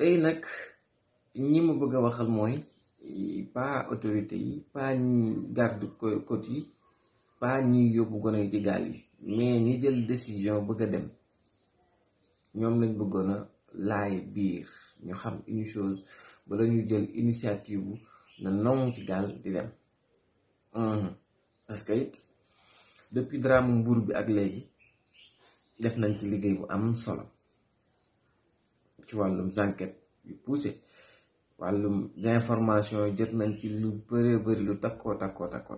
tey nag ñi ma bëgg a waxal mooy pas autorité yi pas garde côte yi pas ñuy yóbbu gone yi ci gaal yi mais ñi jël décision bëgg dem ñoom lañ bëggoon a laay biir ñu xam une chose bala ñu jël initiative na nong ci gaal di dem parce que it depuis drame Mbour bi ak léegi def nañ ci liggéey bu am solo ci wàllum enquête yu poussé wàllum d'information yi jot nañ ci lu bëree bëri lu takkoo takkoo takkoo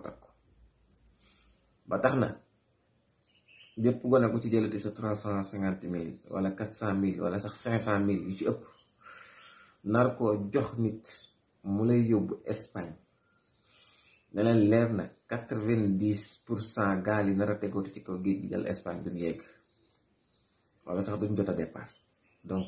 ba tax na bépp gone ku ci jëlati sa trois cent cinquante mille wala quatre cent mille wala sax cinq cent mille yu ci ëpp nar koo jox nit mu lay yóbbu Espagne ne leer na quatre vingt dix pour cent gaal yi nar a tegootu ci kaw géej gi dal Espagne duñ yegg wala sax duñ jot a départ donc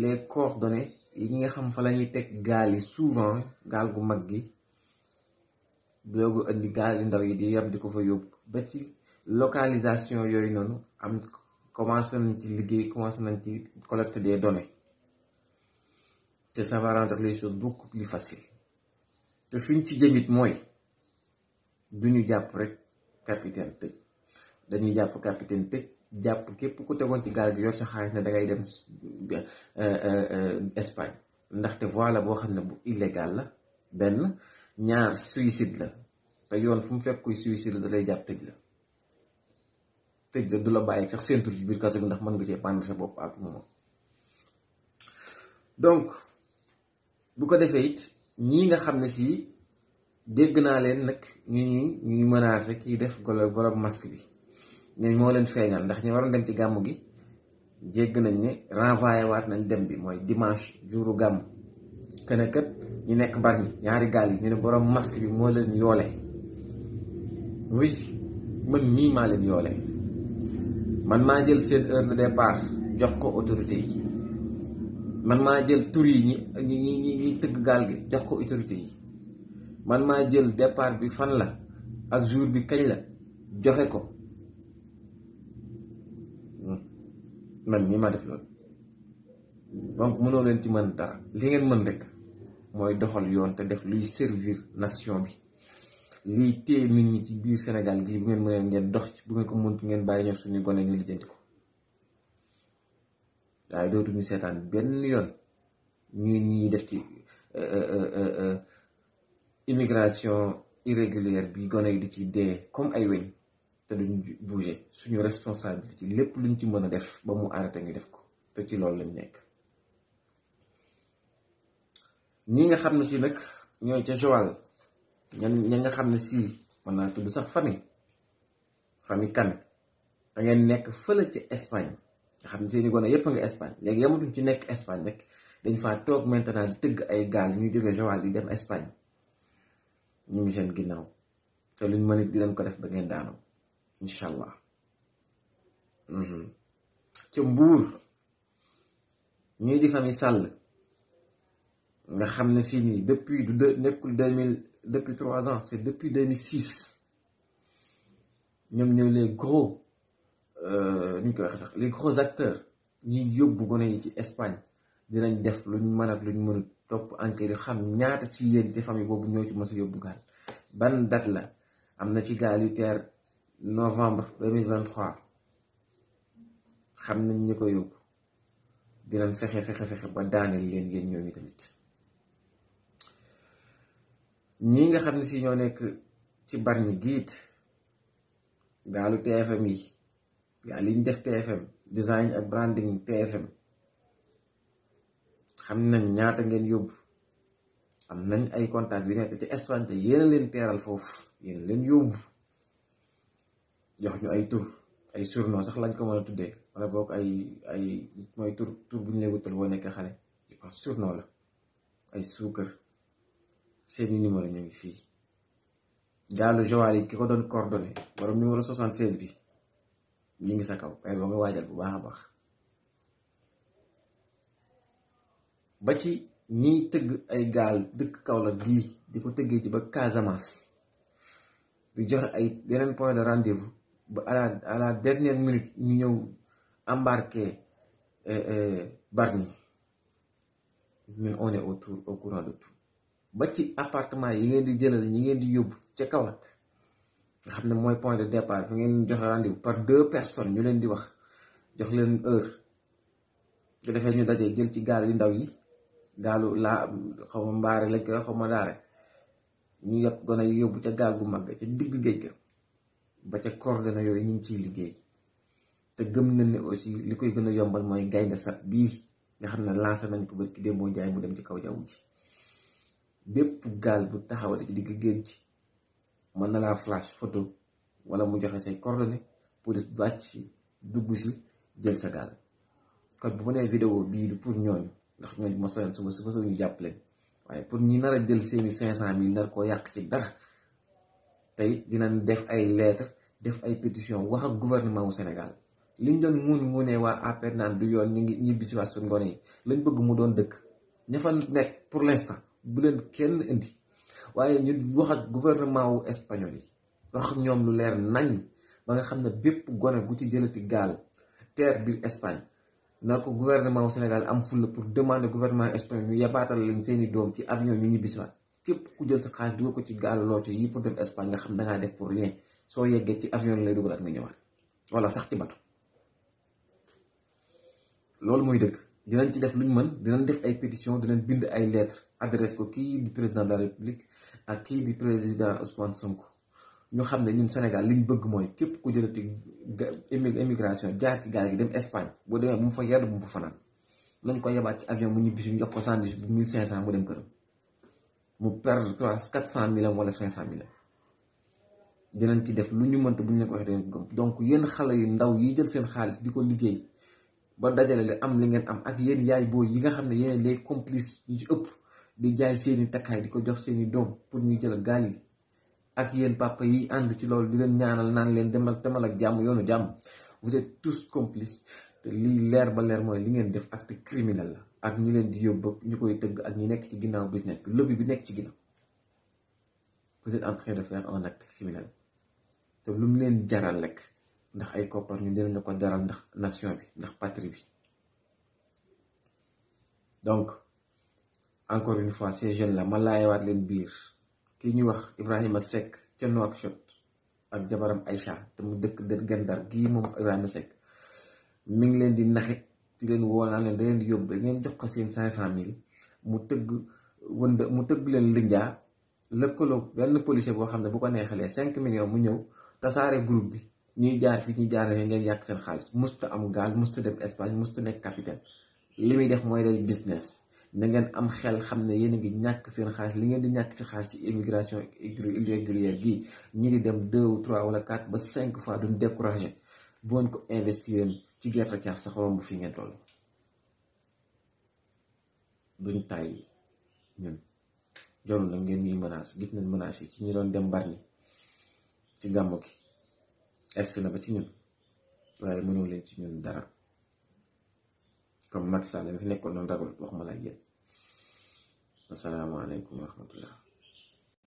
les coordonnées yi nga xam fa lañuy ñuy teg gaal yi souvent gaal gu mag gi doogu indi gaal yu ndaw yi di yam di ko fa yóbbu ba ci localisation yooyu noonu am commencé nañ ci liggéey commencé nañ ci collecte des données te ça va rendre les choses beaucoup plus faciles te fi ci jëmit mooy duñu ñu jàpp rek capitaine tëj dañuy jàpp capitaine tëj japp képp ku tegoon ci gaal gi yor sa xaalis ne ngay dem Espagne ndaxte voilà boo xam ne bu illégal la benn ñaar suicide la te yoon fu mu fekk kuy suicide la da lay jàpp tëj la tëj la du la bàyyi sax centre ci biir kaso bi ndax mën nga cee pendre sa bopp ak moom donc bu ko defee it ñii nga xam ne si dégg naa leen nag ñu ñuy ñuy menacer kiy def golo borom masque bi ñooñu mo leen feeñal ndax ñi waron dem ci gamu gi jégg nañ ni renvoyer waat nañ dem bi moy dimanche juru gamu kene kat ñu nekk ñi ñaari gal ñu ne borom masque bi mo leen yoole wi man mi ma leen man ma jël seen heure de départ jox ko autorité yi man ma jël tour yi ñi ñi ñi ñi tëgg gi jox ko autorité yi man ma jël départ bi fan la ak jour bi kañ la joxe ko man ñi ma def loolu donc mënoo leen ci mën dara li ngeen mën rek mooy doxal yoon te def luy servir nation bi liy téye nit ñi ci biir Sénégal gii bu ngeen mënee ngeen dox ci bu ngeen ko mënut ngeen bàyyi ñoom suñu gone ñu lijjanti ko waaye dootuñu seetaan benn yoon ñu ñi def ci euh, euh, euh, immigration irrégulière bi gone yi di ci dee comme ay weñ te duñu bouger suñu responsabilité lépp luñ ci mën a def ba mu arrêté ñu def ko te ci loolu lañ nekk ñi nga xam ne si nag ñooy ca Joal ñan ña nga xam si mën naa tudd sax famille famille kan dangeen nekk fële ci Espagne nga xam ne seeni gone yépp nga Espagne léegi yamatuñ ci nekk Espagne rek dañ faa toog maintenant di tëgg ay gaal ñuy jóge Joal di dem Espagne ñu ngi seen ginnaaw te luñ mën it di leen ko def ba ngeen daanoo Inch'Allah. allah mhm. nous, des di famille Sall nga depuis depuis trois ans c'est depuis 2006, nous les gros euh, les gros acteurs qui yóbbu gone Espagne dinañ def des mën qui luñ mënut en Nous yu xam ñaata ci sont ñoo ci ban date la novembre 2023 xam nañ ñi ko yóbbu dinañ fexe fexe ba daaneel leen ngeen ñoom tamit ñi nga xam ne si ñoo nekk ci barñi giit gaalu TFM yi gaa liñ def TFM design ak branding TFM xam nañ ñaata ngeen yóbbu am nañ ay contact yu nekk ci Espagne te yéena leen teeral foofu yéena leen yóbbu jox ñu ay tur ay surnom sax lañ ko mën a tuddee wala boog ay ay mooy tur tur bu ñu lay wutal boo nekk xale je pense surnom la ay suukar seeni numéro ñu ngi fii gaalu Joal yi ki ko doon coordonné borom numéro 76 bi ñu ngi sa kaw waaye ba nga waajal bu baax a baax ba ci ñiy tëgg ay gaal dëkk kaw la gii di ko tëggee ci ba Casamance di joxe ay yeneen point de rendez ba à la à la dernière minute ñu ñëw embarqué eh, eh, Bargny Mais on est autour au courant de tout ba ci appartement yi ngeen di jëlal ñi ngeen di yóbbu ca Kaolack nga xam ne mooy point de départ fi ngeen joxe rendez-vous par deux personnes ñu leen di wax jox leen heure su defee ñu dajee jël ci gare yu ndaw yi gaalu laa xaw ma mbaare lañ koy xaw ma daare ñu yëpp gona yi yóbbu ca gaal bu mag ca digg geej ga ba ca na yooyu ñu ngi ciy liggéey te gëm nañ ni aussi li koy gën a yombal mooy gaynde sat bii nga xam ne lancé nañ ko ba ki moo jaay mu dem ci kaw jaww ji bépp gaal bu taxawate ci digg géej gi mën na laa flash photo wala mu joxe say coordonnées police wàcc si dugg si jël sa gaal kon bu ma nee vidéo bii du pour ñooñu ndax ñooñu ma soyoon su ma su ma soog ñu jàpp waaye pour ñi nar a jël seeni cinq cent mille nar koo yàq ci dara tay dina def ay lettre def ay pétition wax ak gouvernement wu Sénégal liñ doon muñ muñee wa APR naan du yoon ñu ngi ñibbi ci wa sun ngone lañ bëgg mu doon dëkk ña fa nekk pour l'instant bu leen kenn indi waaye ñu wax ak gouvernement wu espagnol yi wax ak ñoom lu leer nañ ba nga xam bép bépp gone gu ci jëlati gal terre bi Espagne na ko gouvernement wu Sénégal am fulla pour demander gouvernement espagnol ñu yabatal leen seeni doom ci avion ñu ñibbisiwaat képp ku jël sa xaalis dugal ko ci gaal looco yi pour dem Espagne nga xam da ngaa def pour rien soo yeggee ci avion lay dugal ak nga ñëwaat wala sax ci bato loolu mooy dëgg dinañ ci def lu ñu mën dinañ def ay pétition dinañ bind ay lettre adresse ko kii di président de la république ak kii di président Ousmane Sonko ñu xam ne ñun Sénégal liñ bëgg mooy képp ku jëlati immigration jaar ci gaal gi dem Espagne boo demee bu mu fa yedd bu mu fa fanaan mu perdre trois quatre cent mille am wala cinq cent mille am dinañ ci def lu ñu mënta bu ñu leen ko waxee dañu gëm donc yéen xale yu ndaw yi jël seen xaalis di ko liggéey ba dajalee li am li ngeen am ak yéen yaay booy yi nga xam ne yéen les complices ñu ci ëpp di jaay seeni takkaay di ko jox seeni doom pour ñu jël gaal yi ak yéen papa yi ànd ci loolu di leen ñaanal naan leen demal demal ak jàmm yoonu jàmm vous êtes tous complices te lii leer ba leer mooy li ngeen def acte criminel la. ak ñi leen di yóbbu ñu koy tëgg ak ñi nekk ci ginnaaw business bi lobby bi nekk ci ginnaaw vous êtes en train de faire un te lu mu leen jaral rek ndax ay koppar ñu dinañ la ko jaral ndax nation bi ndax patrie bi donc encore une fois ces jeunes là ma laayewaat leen biir kii ñuy wax Ibrahima Seck ca Nouakchott ak jabaram Aïcha te mu dëkk dër Gendar gii moom Ibrahima Seck mi ngi leen di naxe di leen woo naa leen da leen di yóbbu da ngeen jox ko seen cinq cent mille mu tëgg wënd mu tëgg leen linjaa lëkkaloo benn policier boo xam ne bu ko neexalee cinq millions mu ñëw tasaare group bi ñuy jaar fii ñuy jaar ne ngeen yàq seen xaalis musta am gaal musta dem Espagne musta nekk capitaine li muy def mooy day business na ngeen am xel xam ne yéen a ngi ñàkk seen xaalis li ngeen di ñàkk ci xaalis ci immigration irrégulière gii ñi di dem deux ou trois wala ba cinq fois duñ découragé bu ngeen ko investir ci gerte caaf sax romb fi ngeen toll duñ tay ñun jarul nag ngeen ñuy menace gis nañ menace ci ñu doon dem barni ci gàmmu ki egsi na ba ci ñun waye mënu leen ci ñun dara comme Macky Sall mi fi nekkoon noonu ragul wax ma la yéen asalaamaaleykum wa rahmatullah